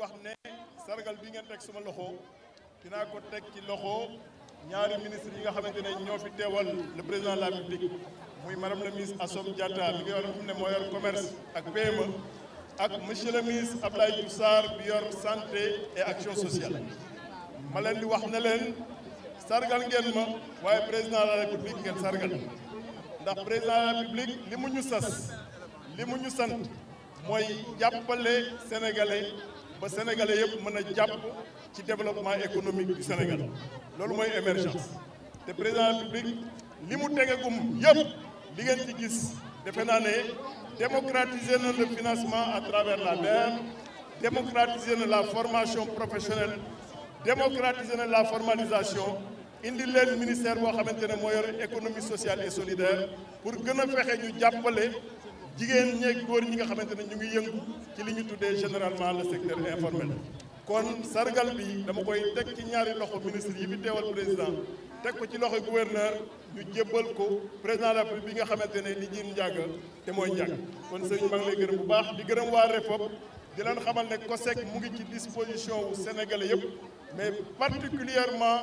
wax sargal bi ngeen tek suma loxo dina ko tek ci loxo ñaari ministre yi nga xamantene ñoo fi téwal le président de la République muy madame le ministre Assome Diatta bi nga yor xam ne yor commerce ak PME ak monsieur le ministre Abdoulaye Diouf Sarr bi yor santé et action sociale ma leen di wax na leen sargal ngeen ma waye président de la République ngeen sargal ndax président de la République limu ñu sas limu ñu sant moy jàppale sénégalais les sénégalais puissent le le développement économique du Sénégal C'est une émergence Le président de la République tegegum yëpp li ci gis le financement à travers la terre démocratiser la formation professionnelle démocratiser la formalisation indi leen ministère boo xamante ne moo yor économie sociale et solidaire pour gën a fexe ñu jàppale jigéen ñeeg góor ñi nga xamante ne ñu ngi yëngu ci li ñu tuddee généralement le secteur informel. kon sargal bi dama koy teg ci ñaari loxo ministre yi bi teewal président teg ko ci loxo gouverneur ñu jébbal ko président de la République bi nga xamante ne di jiin njàng te mooy njàng kon sëriñ maa ngi lay gërëm bu baax di gërëm waa REFOP di leen xamal ne COSEC mu ngi ci disposition wu sénégalais yëpp mais particulièrement